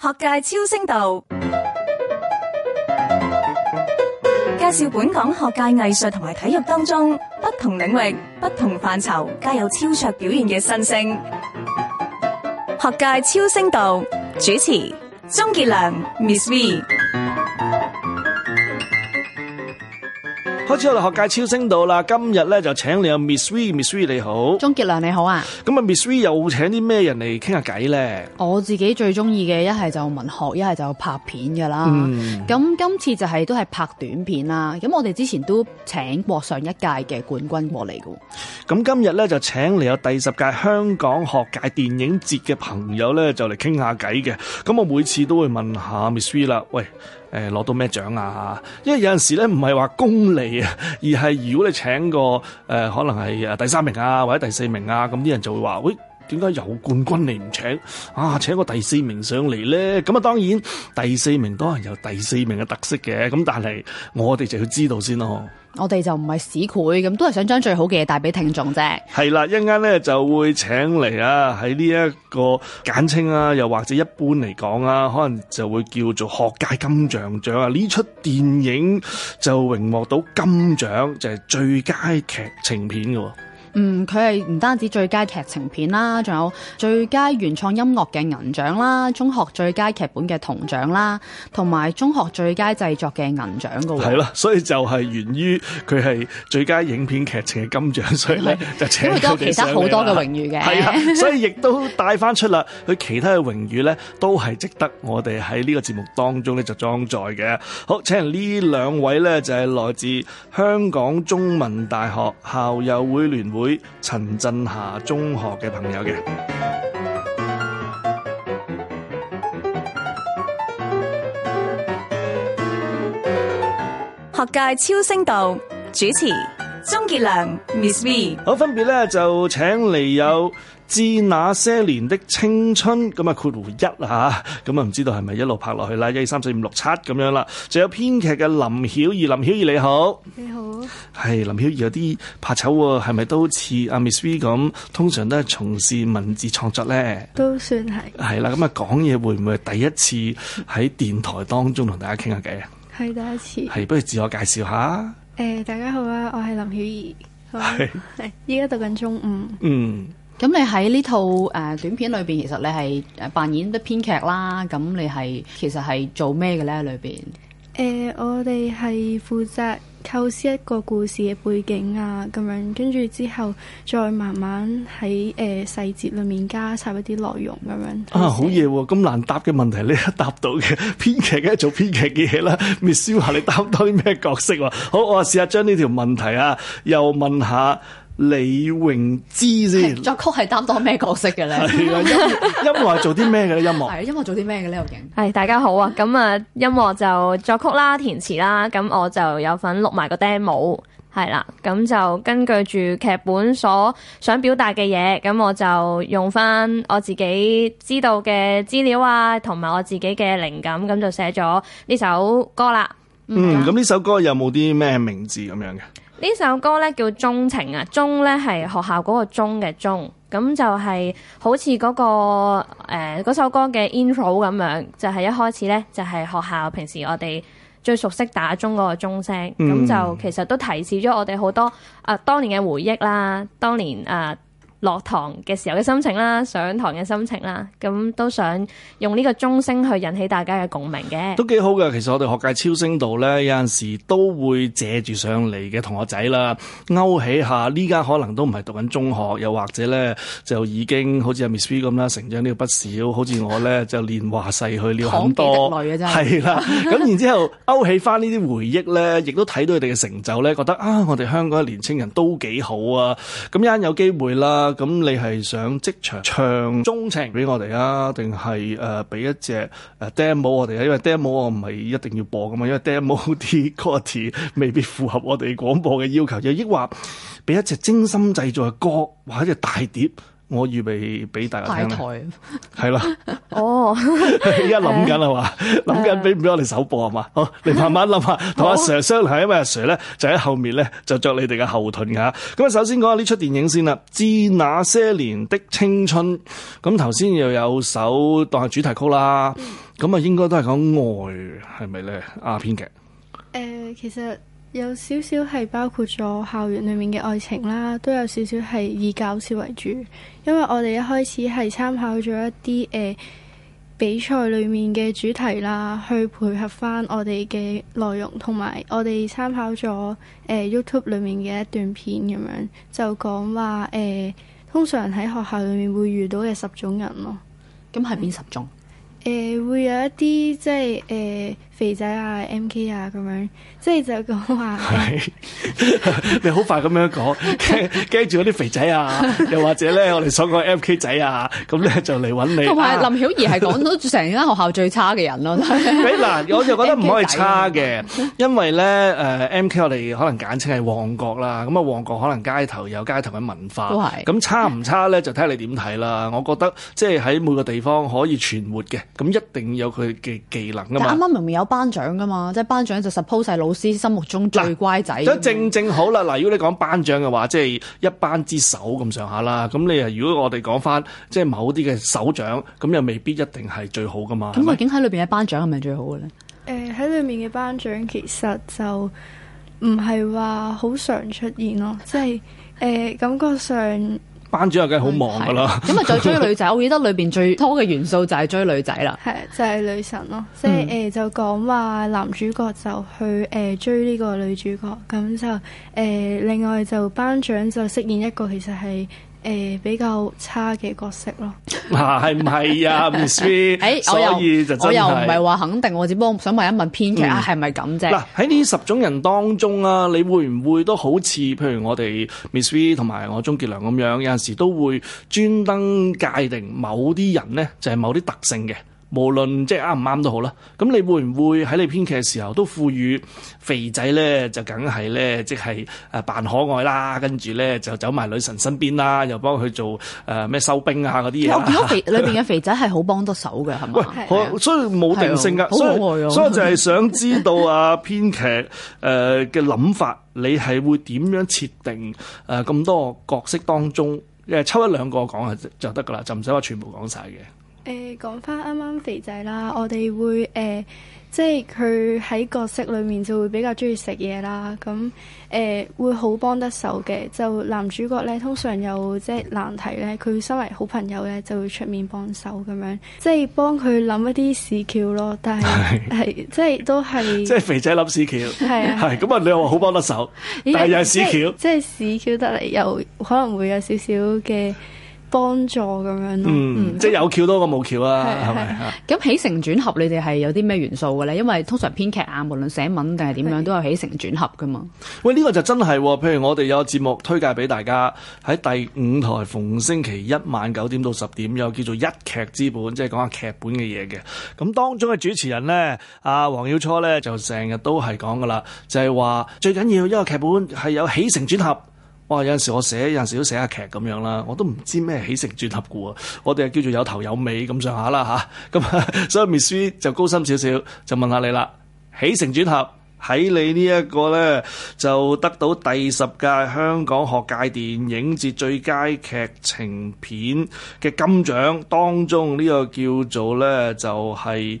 學界超聲道介紹本港學界藝術同埋體育當中不同領域、不同範疇，皆有超卓表現嘅新星。學界超聲道主持：鍾傑良、Ms V。開始我哋學界超聲到啦，今日咧，就請你阿 Ms V，Ms V 你好，鍾傑良你好啊。咁啊，Ms V 又請啲咩人嚟傾下偈咧？我自己最中意嘅一係就文學，一係就拍片噶啦。咁、嗯、今次就係、是、都係拍短片啦。咁我哋之前都請過上一屆嘅冠軍過嚟噶。咁今日咧，就請嚟有第十屆香港學界電影節嘅朋友咧，就嚟傾下偈嘅。咁我每次都會問下 Ms V 啦，喂。誒攞到咩獎啊？因為有陣時咧，唔係話功利啊，而係如果你請個誒、呃，可能係誒第三名啊，或者第四名啊，咁啲人就會話「喂！」點解有冠軍你唔請啊？請個第四名上嚟咧，咁啊當然第四名當然有第四名嘅特色嘅，咁但係我哋就要知道先咯。我哋就唔係市儈咁，都係想將最好嘅嘢帶俾聽眾啫。係啦，一陣間咧就會請嚟啊，喺呢一個簡稱啦、啊，又或者一般嚟講啊，可能就會叫做學界金像獎啊，呢出電影就榮獲到金獎，就係、是、最佳劇情片嘅、啊。嗯，佢係唔單止最佳劇情片啦，仲有最佳原創音樂嘅銀獎啦，中學最佳劇本嘅銅獎啦，同埋中學最佳製作嘅銀獎嘅係啦，所以就係源於佢係最佳影片劇情嘅金獎，所以咧就請咗，因為都有其他好多嘅榮譽嘅。係 啊，所以亦都帶翻出啦，佢其他嘅榮譽咧都係值得我哋喺呢個節目當中咧就裝載嘅。好，請嚟呢兩位咧就係、是、來自香港中文大學校友會聯。會陳震夏中學嘅朋友嘅，學界超聲道主持鍾傑良 Miss V， Ms. B. 好，分別咧就請嚟有。致那些年的青春咁啊，括弧一啊，咁啊唔知道係咪一路拍落去啦，一二三四五六七咁樣啦，仲有編劇嘅林曉怡，林曉怡你好，你好，係林曉怡有啲怕醜喎，係咪都好似阿 Miss V 咁？通常都係從事文字創作咧，都算係，係啦，咁啊講嘢會唔會第一次喺電台當中同大家傾下偈啊？係第一次，係不如自我介紹下，誒、欸，大家好啊，我係林曉怡，係係依家讀緊中五，嗯。咁你喺呢套誒、呃、短片裏邊，其實你係誒扮演得編劇啦。咁你係其實係做咩嘅咧？裏邊誒，我哋係負責構思一個故事嘅背景啊，咁樣跟住之後再慢慢喺誒、呃、細節裏面加插一啲內容咁樣。啊，好嘢喎！咁難答嘅問題你一答到嘅，編劇嘅、啊、做編劇嘅嘢啦。Missy 話你答到啲咩角色喎、啊？好，我試下將呢條問題啊，又問下。李詠孜先作曲係擔當咩角色嘅咧？係啊， 音樂做啲咩嘅咧？音樂係 音樂做啲咩嘅呢？呢度影係大家好啊！咁啊，音樂就作曲啦、填詞啦。咁我就有份錄埋個 demo，係啦。咁就根據住劇本所想表達嘅嘢，咁我就用翻我自己知道嘅資料啊，同埋我自己嘅靈感，咁就寫咗呢首歌啦。的嗯，咁呢首歌有冇啲咩名字咁樣嘅？呢首歌咧叫《鐘情》啊，鐘咧係學校嗰個鐘嘅鐘，咁就係好似嗰、那個嗰、呃、首歌嘅 intro 咁樣，就係、是、一開始咧就係、是、學校平時我哋最熟悉打鐘嗰個鐘聲，咁就其實都提示咗我哋好多啊、呃、當年嘅回憶啦，當年啊～、呃落堂嘅時候嘅心情啦，上堂嘅心情啦，咁都想用呢個鐘聲去引起大家嘅共鳴嘅，都幾好嘅。其實我哋學界超聲度咧，有陣時都會借住上嚟嘅同學仔啦，勾起下呢家可能都唔係讀緊中學，又或者咧就已經好似阿 Ms V 咁啦，成長呢個不少。好似我咧就年華逝去了好多，係啦。 咁的 然之後勾起翻呢啲回憶咧，亦都睇到佢哋嘅成就咧，覺得啊，我哋香港嘅年輕人都幾好啊。咁一陣有機會啦。咁你係想即場唱鍾情俾我哋啊？定係誒俾一隻誒 demo 我哋啊？因為 demo 我唔係一定要播㗎嘛，因為 demo 啲 quality 未必符合我哋廣播嘅要求。又抑或俾一隻精心製作嘅歌或者大碟？我預備俾大家聽。大台係啦。哦、啊，而家諗緊係嘛，諗緊俾唔俾我哋首播係嘛？好，你慢慢諗 好下。同阿 Sir 商量因為阿 Sir 咧就喺後面咧就着你哋嘅後盾噶。咁啊，首先講下呢出電影先啦，《知那些年的青春》。咁頭先又有首當係主題曲啦。咁啊，應該都係講愛係咪咧？阿編劇。誒，其實。有少少係包括咗校園裏面嘅愛情啦，都有少少係以搞笑為主，因為我哋一開始係參考咗一啲誒、呃、比賽裏面嘅主題啦，去配合返我哋嘅內容，同埋我哋參考咗誒、呃、YouTube 裏面嘅一段片咁樣，就講話誒通常喺學校裏面會遇到嘅十種人咯。咁係邊十種？誒、呃、會有一啲即係誒。呃肥仔啊，M K 啊，咁樣，即係就講、是、話， 是 你好快咁樣講，驚住嗰啲肥仔啊，又或者咧，我哋所講 M K 仔啊，咁咧就嚟揾你。同埋、 啊、林曉怡係講到成間學校最差嘅人咯，嗱、 哎，我就覺得唔可以差嘅， 因為咧誒、呃、M K 我哋可能簡稱係旺角啦，咁啊旺角可能街頭有街頭嘅文化，咁是差唔差咧就睇你點睇啦。我覺得即係喺每個地方可以存活嘅，咁一定有佢嘅技能噶嘛。啱啱明明有，有。班長噶嘛，即係班長就 suppose 晒老師心目中最乖仔。所以、啊、正正好啦，嗱是，如果你講班長嘅話，即、就、係、是、一班之首咁上下啦。咁你啊，如果我哋講翻即係某啲嘅首長，咁又未必一定係最好噶嘛。咁、嗯、吧究竟喺裏邊嘅班長係咪最好嘅咧？誒、呃，喺裏面嘅班長其實就唔係話好常出現咯，即係誒感覺上。班主任梗係好忙㗎啦的，咁啊 再追女仔， 我記得裏邊最多嘅元素就係追女仔啦，係就係、是、女神咯，嗯、即係誒、呃、就講話男主角就去誒、呃、追呢個女主角，咁就誒、呃、另外就班長就飾演一個其實係。誒、欸，比較差嘅角色咯，係唔係啊，是是啊？Miss V，、欸、所以就我又唔係話肯定，我只不過想問一問編劇係咪咁啫。嗱、嗯，喺呢、啊、十種人當中啊，你會唔會都好似譬如我哋 Miss V 同埋我鍾傑良咁樣，有陣時都會專登界定某啲人呢就係、是、某啲特性嘅。無論即係啱唔啱都好啦，咁你會唔會喺你編劇嘅時候都賦予肥仔咧？就梗係咧，即係誒扮可愛啦，跟住咧就走埋女神身邊啦，又幫佢做誒咩、呃、收兵啊嗰啲嘢。有幾多肥？裏邊嘅肥仔係好幫到手嘅，係咪？所以冇定性噶，所以就係想知道啊編劇誒嘅諗法，你係會點樣設定誒咁多角色當中？誒抽一兩個講下就得噶啦，就唔使話全部講晒嘅。誒，講翻啱啱肥仔啦，我哋會誒、呃，即係佢喺角色裏面就會比較中意食嘢啦，咁、嗯、誒、呃、會好幫得手嘅。就男主角咧，通常有即係難題咧，佢身為好朋友咧，就會出面幫手咁樣，即係幫佢諗一啲屎橋咯。但係係 即係都係 即係肥仔諗屎橋係係咁啊！你又話好幫得手，但係又係屎橋，即係屎橋得嚟，又可能會有少少嘅。幫助咁樣咯，嗯，即係有橋多過冇橋啊，係咪、嗯？咁是起承轉合，你哋係有啲咩元素嘅咧？因為通常編劇啊，無論寫文定係點樣，是都有起承轉合噶嘛。喂，呢、這個就真係，譬如我哋有個節目推介俾大家，喺第五台逢星期一晚九點到十點，有叫做一劇之本，即係講下劇本嘅嘢嘅。咁當中嘅主持人呢，阿、啊、黃曉初呢，就成日都係講噶啦，就係、是、話最緊要一個劇本係有起承轉合。.哇！有陣時我寫，有陣時都寫下劇咁樣啦，我都唔知咩起承轉合嘅喎。我哋係叫做有頭有尾咁上下啦嚇。咁 所以 Missy、e、就高深少少，就問下你啦。起承轉合喺你呢一個咧，就得到第十屆香港學界電影節最佳劇情片嘅金獎當中，呢、呢個叫做咧就係、係《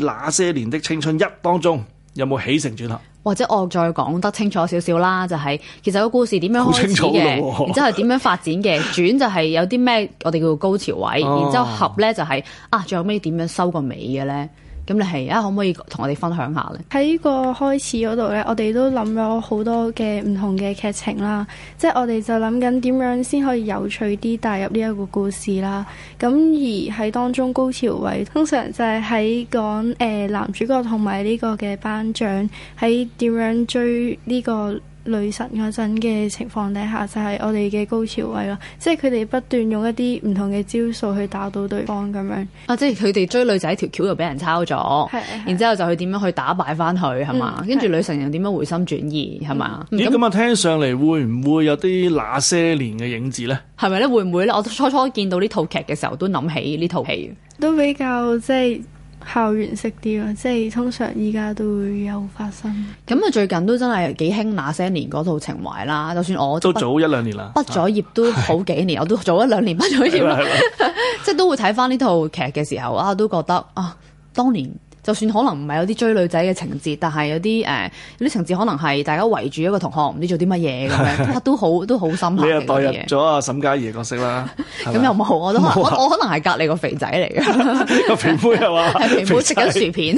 自那些年的青春一》一當中，有冇起承轉合？或者我再講得清楚少少啦，就係、是、其實個故事點樣開始嘅，然之後點樣發展嘅， 轉就係有啲咩我哋叫做高潮位，哦、然之後合咧就係、是、啊，最後尾點樣收個尾嘅咧？咁你係啊？可唔可以同我哋分享下呢？喺個開始嗰度呢，我哋都諗咗好多嘅唔同嘅劇情啦。即係我哋就諗緊點樣先可以有趣啲帶入呢一個故事啦。咁而喺當中高潮位通常就係喺講誒、呃、男主角同埋呢個嘅班長喺點樣追呢、呢個女神嗰陣嘅情況底下，就係、是、我哋嘅高潮位咯，即係佢哋不斷用一啲唔同嘅招數去打到對方咁樣。啊，即係佢哋追女仔條橋度俾人抄咗，然之後就去點樣去打敗翻佢係嘛，跟住女神又點樣回心轉意係嘛？咦，咁啊聽上嚟會唔會有啲那些年嘅影子咧？係咪咧？會唔會咧？我初初見到呢套劇嘅時候都諗起呢套戲，都比較即係。就是校園式啲咯，即係通常依家都會有發生。咁啊，最近都真係幾興那些年嗰套情懷啦，就算我都，都早一兩年啦，畢咗業都好幾年，的我都早一兩年畢咗業啦， 即係都會睇翻呢套劇嘅時候啊，都覺得啊，當年。就算可能唔係有啲追女仔嘅情節，但係有啲誒、呃、有啲情節可能係大家圍住一個同學唔知做啲乜嘢咁樣，都好都好深刻嘅嘢。 你又代入咗阿沈佳宜嘅角色啦，咁又冇我都可 我，我可能係隔離個肥仔嚟嘅，個 肥妹係嘛？ 肥妹食緊薯片。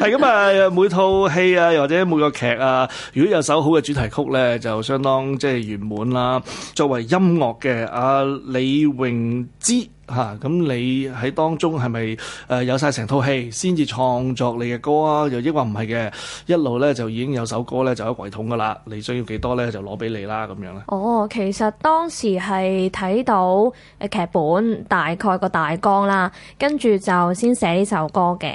係咁 啊，每套戲啊，或者每個劇啊，如果有首好嘅主題曲咧，就相當即係圓滿啦。作為音樂嘅阿、啊、李榮芝。嚇！咁、啊、你喺當中係咪誒有晒成套戲先至創作你嘅歌啊？又抑或唔係嘅？一路咧就已經有首歌咧就喺櫃桶㗎喇，你需要幾多咧就攞俾你啦咁樣咧。哦，其實當時係睇到誒劇本大概個大綱啦，跟住就先寫呢首歌嘅。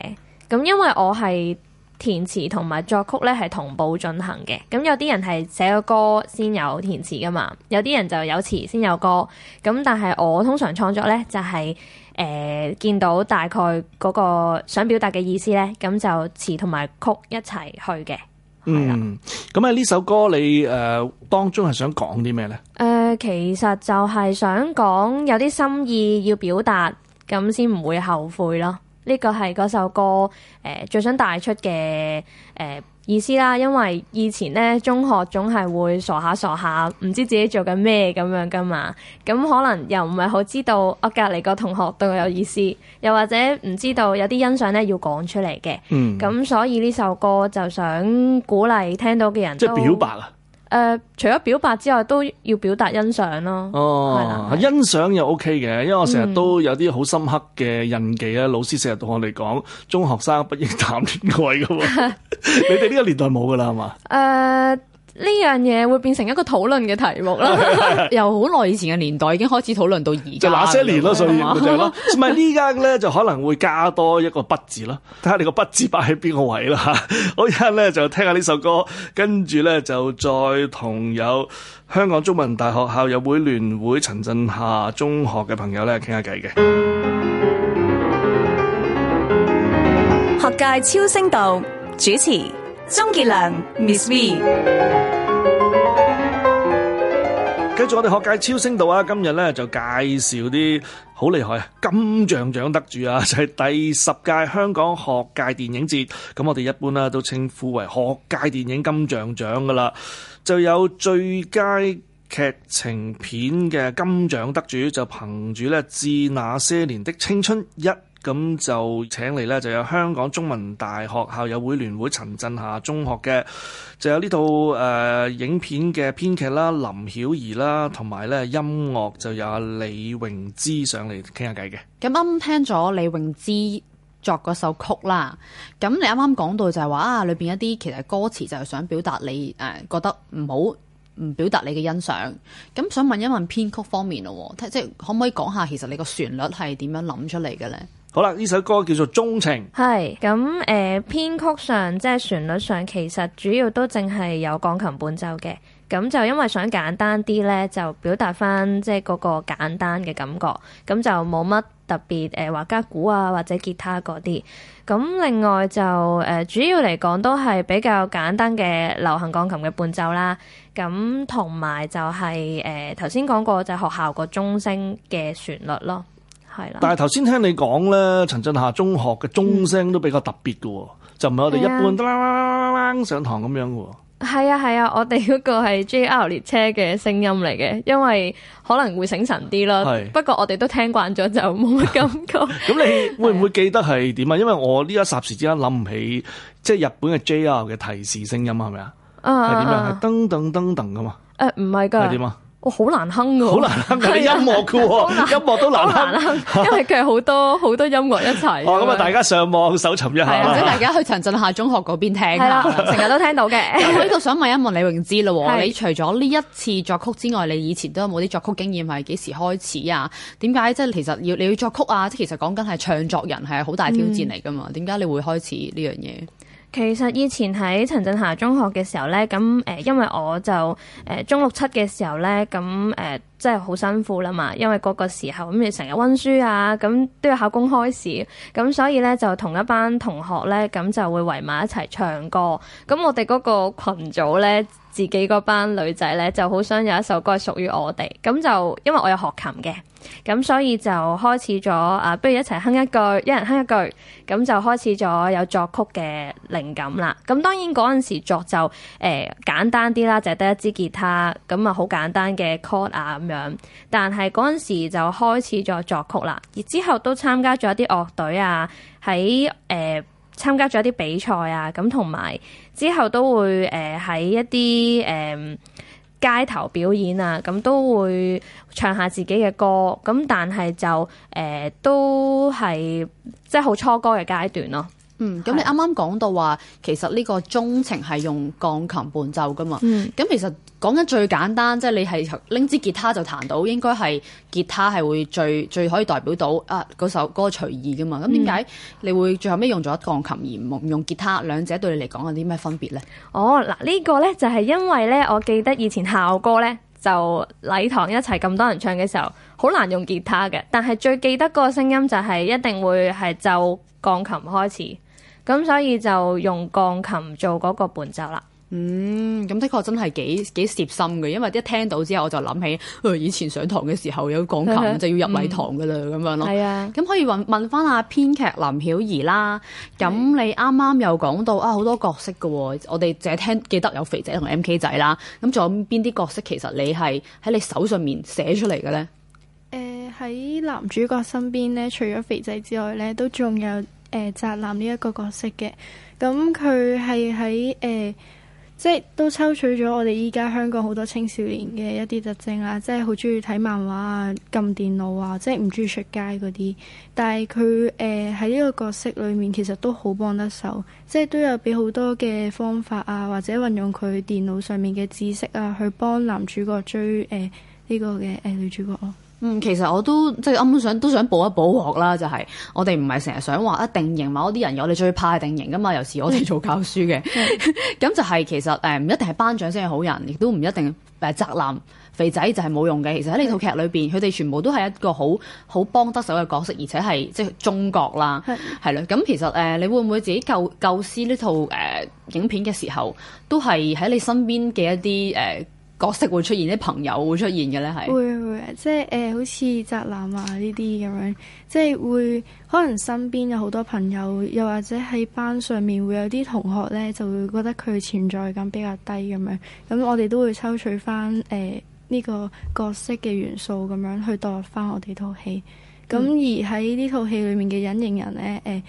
咁因為我係，填詞同埋作曲咧係同步進行嘅，咁有啲人係寫個歌先有填詞噶嘛，有啲人就有詞先有歌，咁但係我通常創作咧就係、是、誒、呃、見到大概嗰個想表達嘅意思咧，咁就詞同埋曲一齊去嘅。嗯，咁啊呢首歌你誒、呃、當中係想講啲咩咧？誒、呃，其實就係想講有啲心意要表達，咁先唔會後悔咯。呢個係嗰首歌誒、呃、最想帶出嘅誒、呃、意思啦，因為以前咧中學總係會傻下傻下，唔知自己做緊咩咁樣噶嘛，咁可能又唔係好知道我隔籬個同學對我有意思，又或者唔知道有啲欣賞咧要講出嚟嘅，咁、嗯、所以呢首歌就想鼓勵聽到嘅人都即表白啊！誒、呃，除咗表白之外，都要表達欣賞咯。哦，是欣賞又 OK 嘅，因為我成日都有啲好深刻嘅印記啦。嗯、老師成日同我哋講，中學生不應談戀愛噶， 你哋呢個年代冇噶啦，係嘛 吧？誒。Uh, 呢樣嘢會變成一個討論嘅題目啦， 由好耐以前嘅年代已經開始討論到而家， 就哪些年咯，上面嗰啲咯，咁咪呢間咧就可能會加多一個不字咯，睇下你個不字擺喺邊個位啦吓， 我依家咧就聽下呢首歌，跟住咧就再同有香港中文大學校友會聯會陳震夏中學嘅朋友咧傾下偈。嘅，學界超聲道主持。鐘杰良，Miss V。繼續我哋學界超聲道啊！今日咧就介紹啲好厲害啊！金像獎得主啊，就係第十屆香港學界電影節，咁我哋一般咧都稱呼為學界電影金像獎噶啦，就有最佳劇情片嘅金獎得主，就憑住咧《致那些年的青春》一。咁就請嚟咧，就有香港中文大學校友會聯會陳震夏中學嘅，就有呢套誒、呃、影片嘅編劇啦，林曉怡啦，同埋咧音樂就有李詠孜上嚟傾下偈嘅。咁啱啱聽咗李詠孜作嗰首曲啦，咁、嗯、你啱啱講到就係話啊，裏邊一啲其實歌詞就係想表達你誒、呃、覺得唔好，唔表達你嘅欣賞。咁、嗯、想問一問編曲方面咯，即係可唔可以講下其實你個旋律係點樣諗出嚟嘅咧？好啦，呢首歌叫做《鐘情》，係咁誒、編、呃、曲上即係旋律上，其實主要都淨係有鋼琴伴奏嘅。咁就因為想簡單啲咧，就表達翻即係嗰個簡單嘅感覺。咁就冇乜特別誒，或、呃、加鼓啊，或者吉他嗰啲。咁另外就誒、呃，主要嚟講都係比較簡單嘅流行鋼琴嘅伴奏啦。咁同埋就係、是、誒，頭先講過就係學校個鐘聲嘅旋律咯。係，但係頭先聽你講咧，陳震夏中學嘅鐘聲都比較特別嘅，就唔係我哋一般叮叮上堂咁樣嘅。係啊係啊，我哋嗰個係 J R 列車嘅聲音嚟嘅，因為可能會醒神啲咯。係，不過我哋都聽慣咗就冇乜感覺。咁你會唔會記得係點啊？因為我呢一霎時之間諗唔起，即係日本嘅 J R 嘅提示聲音係咪啊？啊，係點樣？係噔噔噔噔噶嘛？誒，唔係噶。係點啊？好、哦、難哼噶，好難哼嗰音樂曲，難音樂都難哼，難哼因為佢係好多好 多音樂一齊。哦，咁啊，大家上網搜尋一下。或者的 大家去陳震夏中學嗰邊聽啦，成日都聽到嘅。我呢度想問一問李詠孜啦， 的你除咗呢一次作曲之外，你以前都有冇啲作曲經驗？係幾時開始啊？點解即係其實要你要作曲啊？即其實講緊係唱作人係好大挑戰嚟噶嘛？點解、嗯、你會開始呢樣嘢？其實以前喺陳震夏中學嘅時候咧，咁誒、呃，因為我就誒、呃、中六七嘅時候咧，咁、呃、誒。真係好辛苦啦嘛，因為嗰個時候咁你成日溫書啊，咁、嗯、都要考公開試，咁、嗯、所以呢，就同一班同學呢，咁、嗯、就會圍埋一齊唱歌。咁、嗯、我哋嗰個羣組呢，自己嗰班女仔呢，就好想有一首歌係屬於我哋。咁、嗯、就因為我有學琴嘅，咁、嗯、所以就開始咗啊！不如一齊哼一句，一人哼一句，咁、嗯、就開始咗有作曲嘅靈感啦。咁、嗯、當然嗰陣時作就誒、呃、簡單啲啦，就係、是、得一支吉他，咁啊好簡單嘅 chord 啊。樣，但係嗰陣時就開始咗作曲啦，而之後都參加咗一啲樂隊啊，喺誒參加咗一啲比賽啊，咁同埋之後都會誒喺、呃、一啲誒、呃、街頭表演啊，咁都會唱下自己嘅歌，咁但係就誒、呃、都係即係好初哥嘅階段咯。嗯，咁你啱啱講到話，其實呢個《鍾情》係用鋼琴伴奏噶嘛。嗯，咁其實講緊最簡單，即係你係拎支吉他就彈到，應該係吉他係會最最可以代表到啊嗰首歌隨意噶嘛。咁點解你會最後尾用咗鋼琴而唔用吉他？兩者對你嚟講有啲咩分別呢？哦，嗱，呢個呢，就係因為呢，我記得以前校歌呢，就禮堂一齊咁多人唱嘅時候，好難用吉他嘅。但係最記得個聲音就係一定會係就鋼琴開始。咁所以就用鋼琴做嗰個伴奏啦。嗯，咁的確真係幾幾攝心嘅，因為一聽到之後我就諗起、呃，以前上堂嘅時候有鋼琴的就要入禮堂㗎啦，咁、嗯、樣咯。係啊的，咁可以問問返阿編劇林曉怡啦。咁你啱啱又講到啊，好多角色嘅喎，我哋淨係聽記得有肥仔同 MK 仔啦。咁仲有邊啲角色其實你係喺你手上面寫出嚟嘅咧？誒喺、呃、男主角身邊咧，除咗肥仔之外咧，都仲有。誒，宅男呢一個角色嘅，咁佢係喺誒，即係都抽取咗我哋依家香港好多青少年嘅一啲特徵啊，即係好中意睇漫畫啊，撳電腦啊，即係唔中意出街嗰啲。但係佢誒喺呢個角色裏面，其實都好幫得手，即係都有俾好多嘅方法啊，或者運用佢電腦上面嘅知識啊，去幫男主角追誒呢、呃這個嘅誒、呃、女主角咯。嗯，其實我都即係啱啱想都想補一補鑊啦，就係、是、我哋唔係成日想話一定型某一啲人有你最怕係定型㗎嘛，尤其我哋做教書嘅，咁 就係其實誒唔一定係班長先係好人，亦都唔一定誒宅男肥仔就係冇用嘅。其實喺呢套劇裏邊，佢哋 全部都係一個好好幫得手嘅角色，而且係即係中國啦，係啦。 咁其實誒，你會唔會自己構構思呢套誒、呃、影片嘅時候，都係喺你身邊嘅一啲誒？呃角色會出現啲朋友會出現嘅咧，係 會會即係誒，好似宅男啊呢啲咁樣，即係、呃、會可能身邊有好多朋友，又或者喺班上面會有啲同學咧，就會覺得佢存在感比較低咁樣。咁我哋都會抽取翻誒呢個角色嘅元素咁樣去代入翻我哋套戲。咁、嗯、而喺呢套戲裡面嘅隱形人咧誒、呃，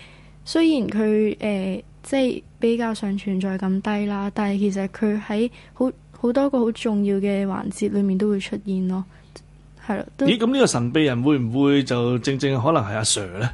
雖然佢誒、呃、即係比較上存在感低啦，但係其實佢喺好好多個好重要嘅環節裏面都會出現咯，係咯都咦？咁呢個神秘人會唔會就正正可能係阿 Sir 咧？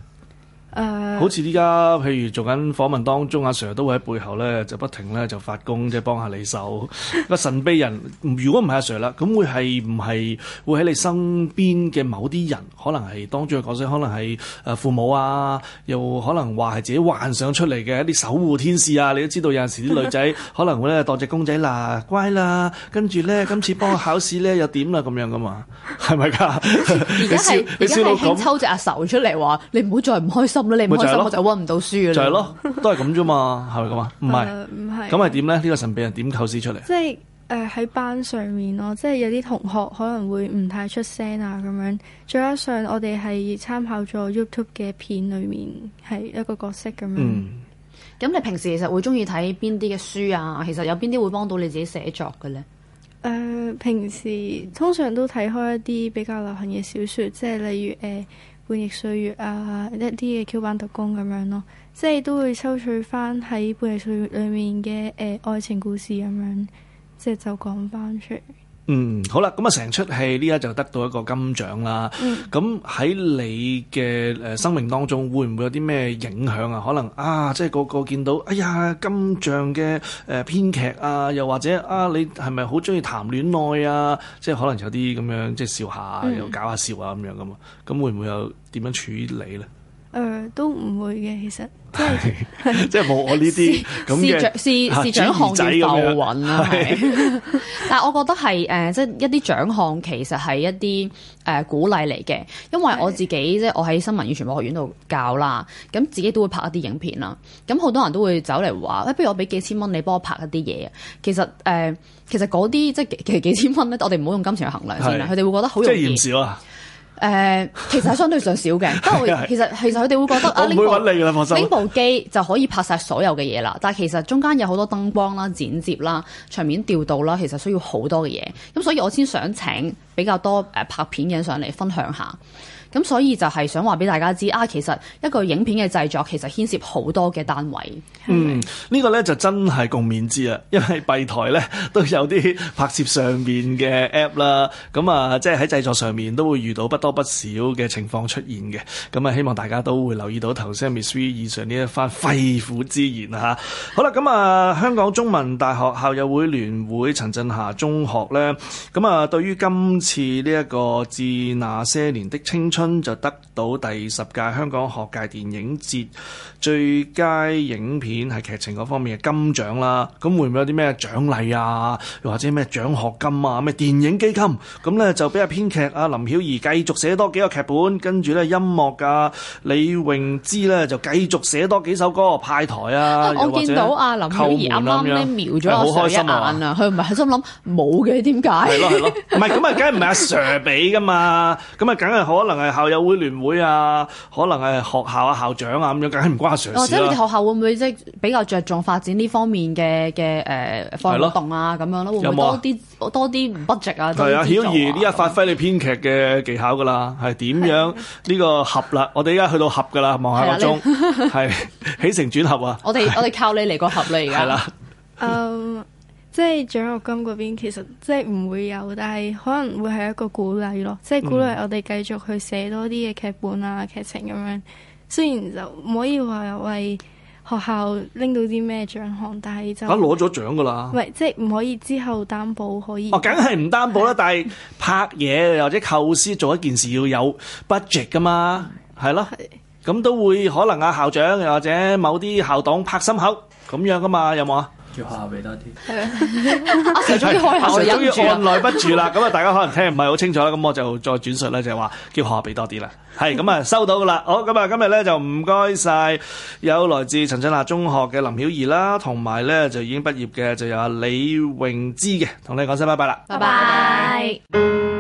誒，uh, 好似依家譬如做緊訪問當中，阿 Sir 都會喺背後咧就不停咧就發功，即係幫下你手。個神秘人，如果唔係阿 Sir 啦，咁會係唔係會喺你身邊嘅某啲人？可能係當中嘅角色，可能係誒父母啊，又可能話係自己幻想出嚟嘅一啲守護天使啊。你都知道有陣時啲女仔可能會咧當隻公仔啦，乖啦，跟住咧今次幫我考試咧又點啦咁樣噶嘛，係咪㗎？而家係而家係抽隻阿手出嚟話，你唔好再唔開心。咪、嗯、就係咯，就揾唔到書嘅就係咯， 都係咁啫嘛，係咪咁啊？唔係，咁係點咧？呢、呢個神秘人點構思出嚟、呃？即係誒喺班上面咯，即係有啲同學可能會唔太出聲啊咁樣。再加上我哋係參考咗 YouTube 嘅片裏面係一個角色咁樣。嗯，咁你平時其實會中意睇邊啲嘅書啊？其實有邊啲會幫到你自己寫作嘅咧？誒、呃，平時通常都睇開一啲比較流行嘅小說，即係例如誒。呃叛逆歲月啊，一啲嘅 Q 版特工咁樣咯，即係都會抽取翻喺叛逆歲月裏面嘅誒、呃、愛情故事咁樣，即係就講翻出嚟。嗯，好啦，咁啊，成出戲呢家就得到一個金獎啦。咁喺、嗯、你嘅誒生命當中，會唔會有啲咩影響啊？可能啊，即係個個見到，哎呀，金像嘅誒編劇啊，又或者啊，你係咪好中意談戀愛啊？即係可能有啲咁樣，即係笑下，又搞下笑啊咁樣咁啊。咁、嗯、會唔會有點樣處理咧？誒、呃，都唔會嘅，其實。即係冇我呢啲咁嘅，是是獎項如浮雲啦。的的 但係我覺得係誒、即、呃、係、就是、一啲獎項其實係一啲誒、呃、鼓勵嚟嘅。因為我自己的即係我喺新聞與傳播學院度教啦，咁自己都會拍一啲影片啦。咁好多人都會走嚟話，誒、哎，不如我俾幾千蚊你幫我拍一啲嘢。其實誒、呃，其實嗰啲即係其實幾千蚊咧，我哋唔好用金錢去衡量先，佢哋的會覺得好容易。誒、呃，其實係相對上少嘅。不過其實 其實佢哋會覺得、 啊、會你部拎部機就可以拍晒所有嘅嘢啦。但係其實中間有好多燈光啦、剪接啦、場面調度啦，其實需要好多嘅嘢。咁所以我先想請比較多誒拍片嘅人上嚟分享下。咁所以就係想話俾大家知啊，其實一個影片嘅製作其實牽涉好多嘅單位。是是嗯，這個、呢個咧就真係共勉之啊，因為閉台咧都有啲拍攝上面嘅 app 啦，咁啊即係喺製作上面都會遇到不多不少嘅情況出現嘅。咁啊，希望大家都會留意到頭先 Ms V 以上呢一番肺腑之言啊！嚇，好啦，咁啊，香港中文大學校友會聯會陳震夏中學咧，咁啊對於今次呢一個《致那些年的青春》。就得到第十屆香港學界電影節最佳影片係劇情嗰方面嘅金獎啦。咁會唔會有啲咩獎勵啊？又或者咩獎學金啊？咩電影基金？咁咧就俾阿編劇阿林曉怡繼續寫多幾個劇本，跟住咧音樂噶李詠孜咧就繼續寫多幾首歌派台啊。我見到阿林曉怡啱啱咧瞄咗阿 Sir 一眼啊，佢唔係喺心諗冇嘅，點解？係咯係咯，唔係咁啊，梗係唔係阿 Sir 俾噶嘛？咁啊，梗係可能係。校友會聯會啊，可能係學校啊，校長啊咁樣，梗係唔關我事。或者你哋學校會唔會即係比較着重發展呢方面嘅嘅誒活動啊咁樣咯？會會有冇多啲多啲 budget 啊？係啊，曉怡呢一發揮你編劇嘅技巧噶啦，係點樣呢個合啦？我哋依家去到合噶啦，望下個鐘，係起承轉合啊！ 我哋我哋靠你嚟個合而家係啦，誒。即係獎學金嗰邊，其實即係唔會有，但係可能會係一個鼓勵咯。即係鼓勵我哋繼續去寫多啲嘅劇本啊、劇情咁樣。雖然就唔可以話為學校拎到啲咩獎項，但係就梗攞咗獎㗎啦。喂，即係唔可以之後擔保可以。哦，梗係唔擔保啦，的但係拍嘢或者構思做一件事要有 budget 㗎嘛，係咯。係的。咁都會可能啊校長又或者某啲校董拍心口咁樣㗎嘛，有冇啊？叫學校俾多啲，我終於按捺不住啦！咁啊，大家可能聽唔係好清楚啦，咁我就再轉述啦，就係話叫學校俾多啲啦。係咁啊，收到噶啦。好，咁啊，今日咧就唔該晒有來自陳震夏中學嘅林曉怡啦，同埋咧就已經畢業嘅就有阿李詠孜嘅，同你講聲拜拜啦，拜拜。